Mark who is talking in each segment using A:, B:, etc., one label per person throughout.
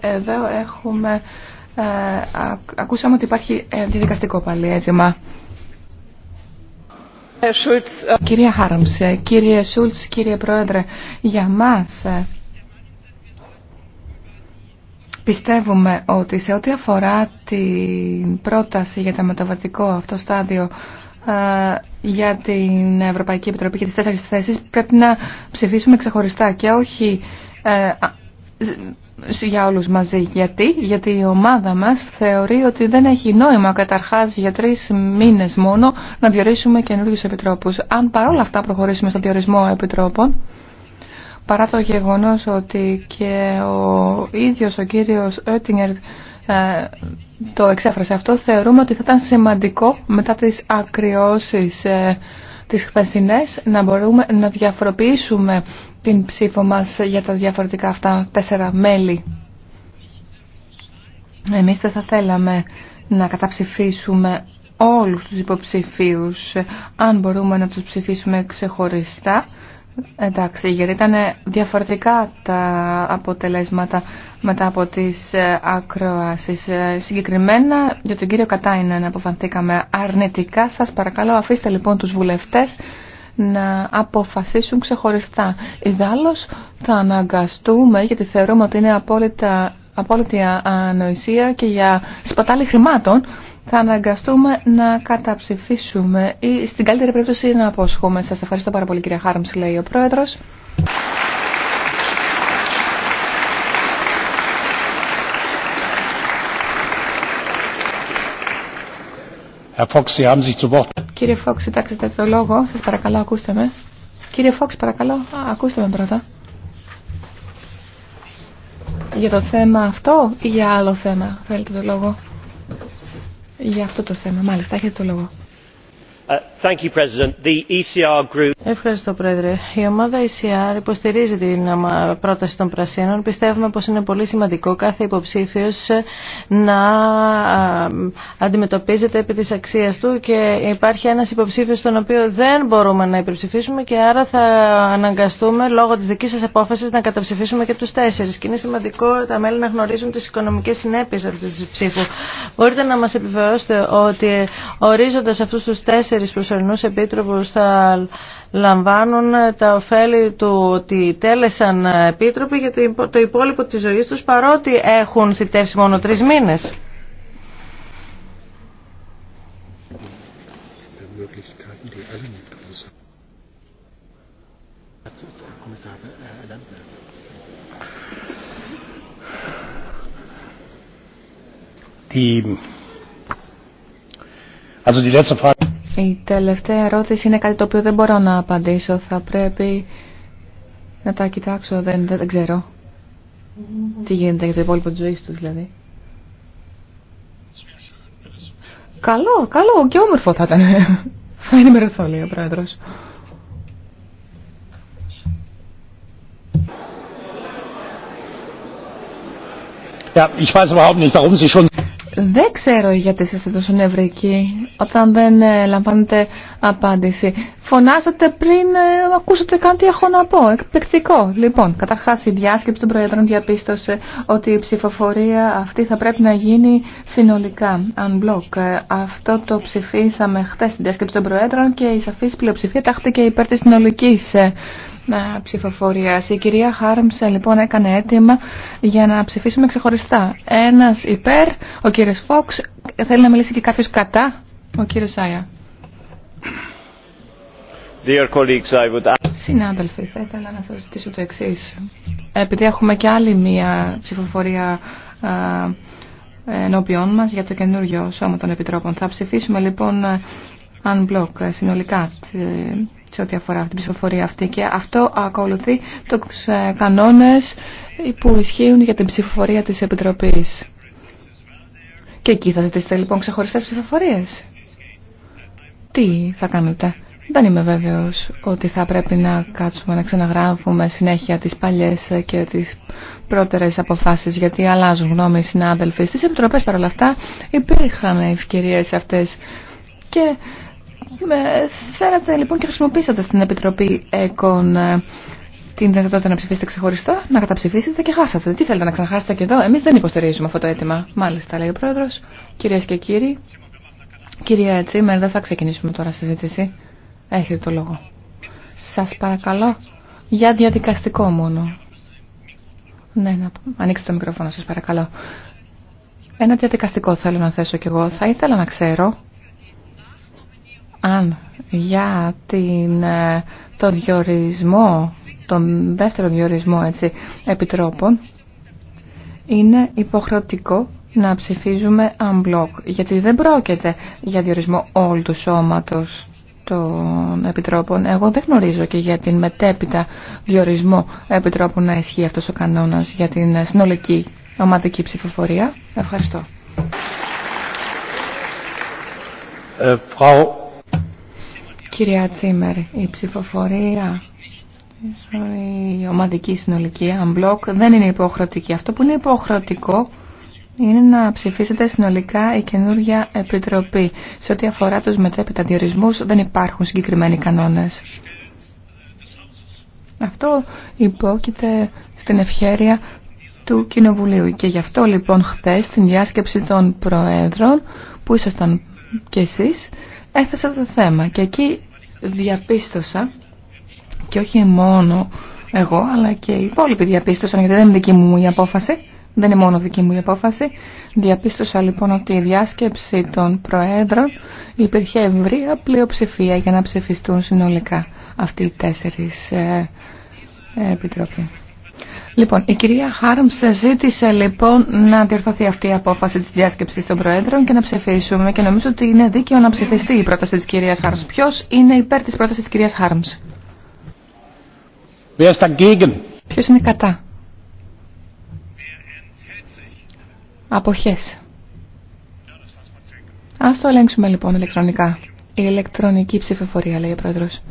A: Εδώ έχουμε, ε, ακούσαμε ότι υπάρχει ε, αντιδικαστικό πάλι ε, Κυρία Χάρμσε, κύριε Σούλτς, κύριε Πρόεδρε, για μας πιστεύουμε ότι σε ό,τι αφορά την πρόταση για το μεταβατικό αυτό στάδιο για την Ευρωπαϊκή Επιτροπή και τις τέσσερις θέσεις πρέπει να ψηφίσουμε ξεχωριστά και όχι για όλους μαζί. Γιατί? Γιατί η ομάδα μας θεωρεί ότι δεν έχει νόημα καταρχάς για τρεις μήνες μόνο να διορίσουμε καινούργιους επιτρόπους. Αν παρόλα αυτά προχωρήσουμε στον διορισμό επιτρόπων, παρά το γεγονός ότι και ο ίδιος ο κύριος Oettinger ε, το εξέφρασε αυτό, θεωρούμε ότι θα ήταν σημαντικό μετά τις ακριώσεις ε, τις χθεσινές να μπορούμε να διαφοροποιήσουμε την ψήφο μας για τα διαφορετικά αυτά τέσσερα μέλη. Εμείς δεν θα θέλαμε να καταψηφίσουμε όλους τους υποψηφίους αν μπορούμε να τους ψηφίσουμε ξεχωριστά Εντάξει, γιατί ήταν διαφορετικά τα αποτελέσματα μετά από τις ε, ακροάσεις. Ε, συγκεκριμένα για τον κύριο να αποφανθήκαμε αρνητικά. Σας παρακαλώ αφήστε λοιπόν τους βουλευτές να αποφασίσουν ξεχωριστά. Ιδάλλως θα αναγκαστούμε, γιατί θεωρούμε ότι είναι απόλυτα, απόλυτη ανοησία και για σπατάλη χρημάτων, θα αναγκαστούμε να καταψηφίσουμε ή στην καλύτερη περίπτωση να αποσχούμε. Σας ευχαριστώ πάρα πολύ κυρία Χάρμς, λέει ο Πρόεδρος. Κύριε Φόξ, κοιτάξτε το λόγο. Σας παρακαλώ, ακούστε με. Κύριε Φόξ, παρακαλώ, ακούστε με πρώτα. Για το θέμα αυτό ή για άλλο θέμα θέλετε το λόγο για αυτό το θέμα. Μάλιστα, έχετε το λόγο.
B: Uh, e
A: Ευχαριστώ Πρόεδρε. Η
B: ομάδα ECR υποστηρίζει την ε, πρόταση των Πρασίνων. Πιστεύουμε πως είναι πολύ σημαντικό κάθε υποψήφιος ε, να ε, αντιμετωπίζεται επί της αξίας του και υπάρχει ένας υποψήφιος τον οποίο δεν μπορούμε να υπερψηφίσουμε και άρα θα αναγκαστούμε λόγω της δικής σας απόφασης να καταψηφίσουμε και τους τέσσερις. Και είναι σημαντικό τα μέλη να γνωρίζουν τις οικονομικές συνέπειες αυτής της ψήφου. Μπορείτε να μας επιβεβαιώσετε ότι ορίζοντας αυτούς τους τέσσερις τέσσερις προσωρινούς επίτροπους θα λαμβάνουν τα ωφέλη του ότι τέλεσαν επίτροποι για το υπόλοιπο της ζωής τους παρότι έχουν θητεύσει μόνο τρεις μήνες. Die, also
A: η τελευταία ερώτηση είναι κάτι το οποίο δεν μπορώ να απαντήσω. Θα πρέπει να τα κοιτάξω. Δεν, δεν, ξέρω τι γίνεται για το υπόλοιπο τη ζωή του δηλαδή. Καλό, καλό και όμορφο θα ήταν. Θα ενημερωθώ, λέει ο πρόεδρο.
B: ich weiß überhaupt nicht, warum Sie
A: δεν ξέρω γιατί είστε τόσο νευρικοί όταν δεν ε, λαμβάνετε απάντηση φωνάσατε πριν ε, ακούσατε καν τι έχω να πω. Εκπληκτικό. Λοιπόν, καταρχά η διάσκεψη των Προέδρων διαπίστωσε ότι η ψηφοφορία αυτή θα πρέπει να γίνει συνολικά, unblock. Ε, αυτό το ψηφίσαμε χθε στην διάσκεψη των Προέδρων και η σαφή πλειοψηφία τάχθηκε υπέρ τη συνολική ε, ψηφοφορία. Η κυρία Χάρμσε λοιπόν έκανε αίτημα για να ψηφίσουμε ξεχωριστά. Ένα υπέρ, ο κύριο Φόξ, θέλει να μιλήσει και κάποιο κατά, ο κύριο Σάια. Συνάδελφοι, θα ήθελα να σας ζητήσω το εξής. Επειδή έχουμε και άλλη μία ψηφοφορία ενώπιόν μας για το καινούριο σώμα των επιτρόπων. Θα ψηφίσουμε λοιπόν unblock ε, συνολικά σε ό,τι αφορά την ψηφοφορία αυτή και αυτό ακολουθεί τους ε, κανόνες που ισχύουν για την ψηφοφορία της Επιτροπής. Και εκεί θα ζητήσετε λοιπόν ξεχωριστές ψηφοφορίες. Τι θα κάνετε. Δεν είμαι βέβαιος ότι θα πρέπει να κάτσουμε να ξαναγράφουμε συνέχεια τις παλιές και τις πρώτερες αποφάσεις γιατί αλλάζουν γνώμη οι συνάδελφοι. Στις επιτροπές παρόλα αυτά υπήρχαν ευκαιρίες αυτές και ε, φέρατε λοιπόν και χρησιμοποίησατε στην Επιτροπή ΕΚΟΝ ε, την δυνατότητα να ψηφίσετε ξεχωριστά, να καταψηφίσετε και χάσατε. Τι θέλετε να ξαναχάσετε και εδώ, εμεί δεν υποστηρίζουμε αυτό το αίτημα. Μάλιστα, λέει ο πρόεδρο. Κυρίε και κύριοι, κυρία Τσίμερ, δεν θα ξεκινήσουμε τώρα συζήτηση. Έχετε το λόγο. Σας παρακαλώ για διαδικαστικό μόνο. Ναι, να ανοίξτε το μικρόφωνο σας παρακαλώ. Ένα διαδικαστικό θέλω να θέσω κι εγώ. Θα ήθελα να ξέρω αν για την, ε, το διορισμό, τον δεύτερο διορισμό έτσι, επιτρόπων είναι υποχρεωτικό να ψηφίζουμε unblock, γιατί δεν πρόκειται για διορισμό όλου του σώματος των επιτρόπων. Εγώ δεν γνωρίζω και για την μετέπειτα διορισμό επιτρόπου να ισχύει αυτός ο κανόνας για την συνολική ομαδική ψηφοφορία. Ευχαριστώ. Ε, Κυρία Τσίμερ, η ψηφοφορία η ομαδική συνολική unblock δεν είναι υποχρεωτική. Αυτό που είναι υποχρεωτικό είναι να ψηφίσετε συνολικά η καινούργια επιτροπή. Σε ό,τι αφορά τους μετέπειτα διορισμούς δεν υπάρχουν συγκεκριμένοι κανόνες. Αυτό υπόκειται στην ευχέρεια του Κοινοβουλίου. Και γι' αυτό λοιπόν χθες στην διάσκεψη των Προέδρων που ήσασταν κι εσείς έθεσα το θέμα και εκεί διαπίστωσα και όχι μόνο εγώ αλλά και οι υπόλοιποι διαπίστωσαν γιατί δεν είναι δική μου η απόφαση δεν είναι μόνο δική μου η απόφαση. Διαπίστωσα λοιπόν ότι η διάσκεψη των Προέδρων υπήρχε ευρία πλειοψηφία για να ψηφιστούν συνολικά αυτοί οι τέσσερις ε, ε Λοιπόν, η κυρία Χάρμς ζήτησε λοιπόν να διορθωθεί αυτή η απόφαση της διάσκεψης των Προέδρων και να ψηφίσουμε και νομίζω ότι είναι δίκαιο να ψηφιστεί η πρόταση της κυρίας Χάρμς. Ποιος είναι υπέρ της πρότασης της κυρίας Χάρμς. Ποιος είναι κατά. Αποχές. Ας το ελέγξουμε λοιπόν ηλεκτρονικά. Η ηλεκτρονική ψηφοφορία, λέει ο Πρόεδρος.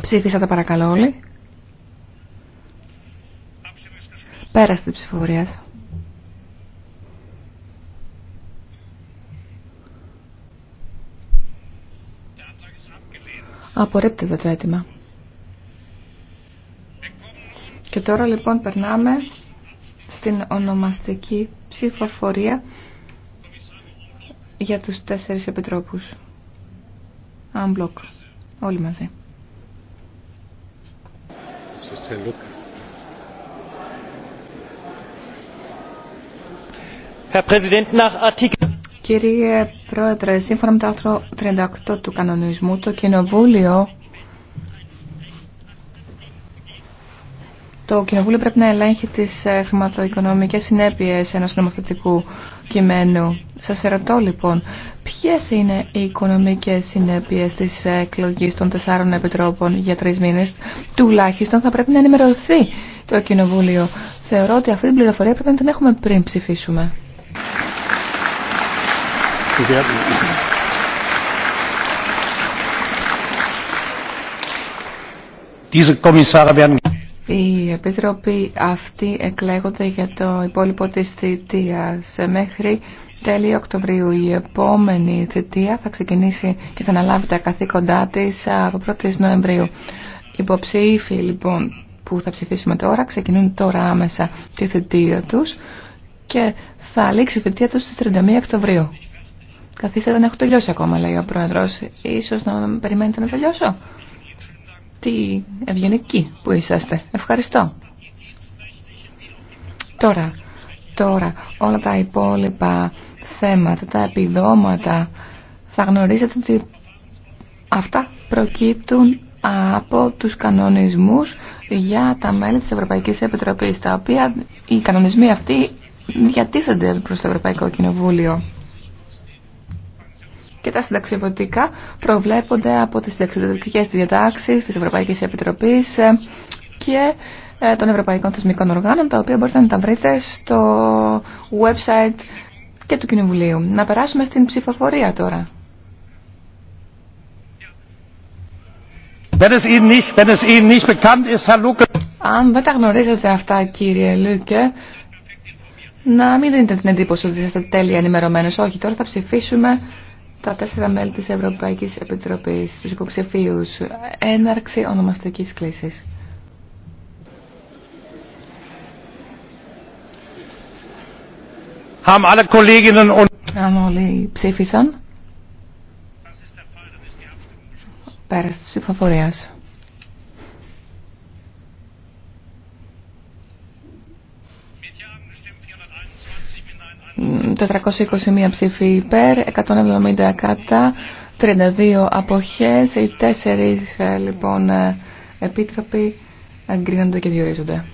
A: Ψήφισατε παρακαλώ όλοι. Πέρασε τη ψηφοφορία. Απορρίπτεται το αίτημα. τώρα λοιπόν περνάμε στην ονομαστική ψηφοφορία για τους τέσσερις επιτρόπους. μπλοκ. Όλοι μαζί. Κύριε Πρόεδρε, σύμφωνα με το άρθρο 38 του κανονισμού, το Κοινοβούλιο Το Κοινοβούλιο πρέπει να ελέγχει τις ε, χρηματοοικονομικές συνέπειες ενός νομοθετικού κειμένου. Σας ερωτώ λοιπόν, ποιες είναι οι οικονομικές συνέπειες της εκλογής των τεσσάρων επιτρόπων για τρεις μήνες. Τουλάχιστον θα πρέπει να ενημερωθεί το Κοινοβούλιο. Θεωρώ ότι αυτή την πληροφορία πρέπει να την έχουμε πριν ψηφίσουμε.
B: Diese
A: οι επίτροποι αυτοί εκλέγονται για το υπόλοιπο της θητείας. Μέχρι τέλη Οκτωβρίου η επόμενη θητεία θα ξεκινήσει και θα αναλάβει τα καθήκοντά της από 1η Νοεμβρίου. Υποψήφοι λοιπόν που θα ψηφίσουμε τώρα ξεκινούν τώρα άμεσα τη θητεία τους και θα λήξει η θητεία τους στις 31 Οκτωβρίου. Καθίστε, δεν έχω τελειώσει ακόμα, λέει ο πρόεδρος. Ίσως να περιμένετε να τελειώσω τι ευγενική που είσαστε. Ευχαριστώ. Τώρα, τώρα όλα τα υπόλοιπα θέματα, τα επιδόματα, θα γνωρίζετε ότι αυτά προκύπτουν από τους κανονισμούς για τα μέλη της Ευρωπαϊκής Επιτροπής, τα οποία οι κανονισμοί αυτοί διατίθενται προς το Ευρωπαϊκό Κοινοβούλιο τα συνταξιοδοτικά προβλέπονται από τις συνταξιοδοτικές διατάξεις της Ευρωπαϊκής Επιτροπής ε, και ε, των Ευρωπαϊκών Θεσμικών Οργάνων, τα οποία μπορείτε να τα βρείτε στο website και του Κοινοβουλίου. Να περάσουμε στην ψηφοφορία τώρα. Αν δεν τα γνωρίζετε αυτά, κύριε Λούκε, να μην δίνετε την εντύπωση ότι είστε τέλεια ενημερωμένος. Όχι, τώρα θα ψηφίσουμε τα τέσσερα μέλη της Ευρωπαϊκής Επιτροπής, τους υποψηφίους, έναρξη ονομαστικής κλίσης. Αν όλοι ψήφισαν, πέρασε της υποφορίας. 421 ψήφοι υπέρ, 170 κατά, 32 αποχές, οι τέσσερις ε, λοιπόν ε, επίτροποι εγκρίνονται και διορίζονται.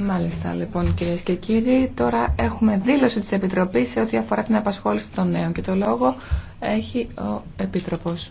A: Μάλιστα λοιπόν κυρίες και κύριοι, τώρα έχουμε δήλωση της Επιτροπής σε ό,τι αφορά την απασχόληση των νέων και το λόγο έχει ο Επίτροπος.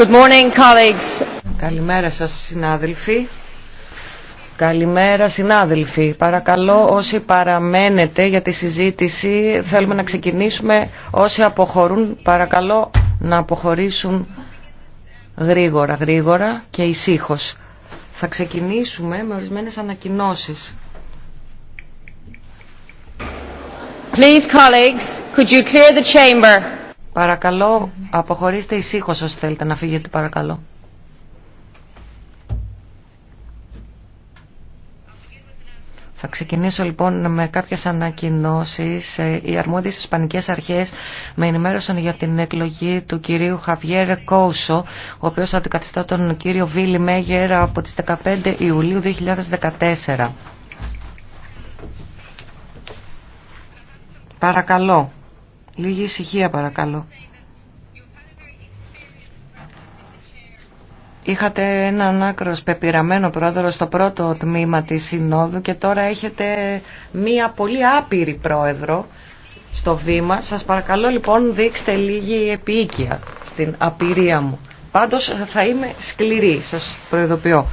B: Good morning, colleagues. Καλημέρα σας συνάδελφοι. Καλημέρα συνάδελφοι. Παρακαλώ όσοι παραμένετε για τη συζήτηση θέλουμε να ξεκινήσουμε. Όσοι αποχωρούν παρακαλώ να αποχωρήσουν γρήγορα, γρήγορα και ησύχως. Θα ξεκινήσουμε με ορισμένες ανακοινώσεις. Please colleagues, could you clear the chamber? Παρακαλώ, αποχωρήστε ησύχω όσοι θέλετε να φύγετε, παρακαλώ. Θα ξεκινήσω λοιπόν με κάποιες ανακοινώσεις. Ε, οι αρμόδιες ισπανικές αρχές με ενημέρωσαν για την εκλογή του κυρίου Χαβιέρ Κόουσο, ο οποίος αντικαθιστά τον κύριο Βίλι Μέγερ από τις 15 Ιουλίου 2014. Παρακαλώ. Λίγη ησυχία παρακαλώ. Είχατε έναν άκρο πεπειραμένο πρόεδρο στο πρώτο τμήμα της Συνόδου και τώρα έχετε μία πολύ άπειρη πρόεδρο στο βήμα. Σας παρακαλώ λοιπόν δείξτε λίγη επίοικια στην απειρία μου. Πάντως θα είμαι σκληρή, σας προειδοποιώ.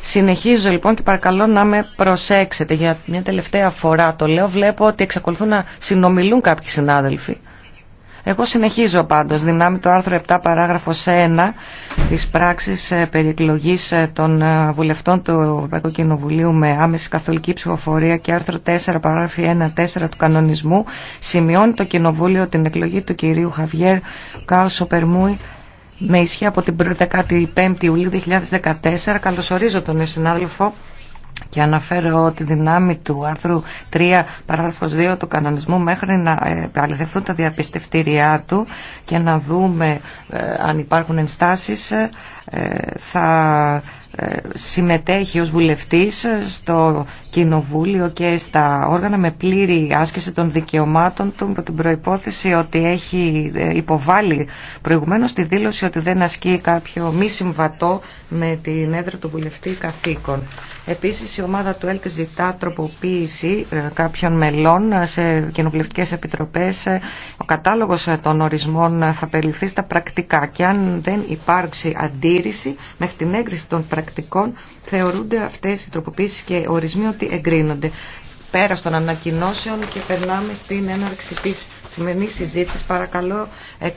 B: Συνεχίζω λοιπόν και παρακαλώ να με προσέξετε για μια τελευταία φορά το λέω. Βλέπω ότι εξακολουθούν να συνομιλούν κάποιοι συνάδελφοι. Εγώ συνεχίζω πάντως δυνάμει το άρθρο 7 παράγραφος 1 της πράξης ε, περιεκλογής ε, των ε, βουλευτών του Ευρωπαϊκού Κοινοβουλίου με άμεση καθολική ψηφοφορία και άρθρο 4 παραγραφο 1 1-4 του κανονισμού σημειώνει το Κοινοβούλιο την εκλογή του κυρίου Χαβιέρ Κάουσο Σοπερμούη με ισχύ από την 15η Ιουλίου 2014. Καλωσορίζω τον νέο συνάδελφο και αναφέρω ότι δυνάμει του άρθρου 3 παράγραφος 2 του κανονισμού μέχρι να ε, αληθευτούν τα διαπιστευτήριά του και να δούμε ε, αν υπάρχουν ενστάσεις ε, ε, θα ε, συμμετέχει ως βουλευτής στο Κοινοβούλιο και στα όργανα με πλήρη άσκηση των δικαιωμάτων του με την προϋπόθεση ότι έχει ε, υποβάλει προηγουμένως τη δήλωση ότι δεν ασκεί κάποιο μη συμβατό με την έδρα του βουλευτή καθήκον. Επίσης η ομάδα του ΕΛΚ ζητά τροποποίηση κάποιων μελών σε κοινοβουλευτικές επιτροπές. Ο κατάλογος των ορισμών θα περιληφθεί στα πρακτικά και αν δεν υπάρξει αντίρρηση μέχρι την έγκριση των πρακτικών, θεωρούνται αυτές οι τροποποίησεις και ορισμοί ότι εγκρίνονται. Πέρα των ανακοινώσεων και περνάμε στην έναρξη της σημερινής συζήτησης. Παρακαλώ εκ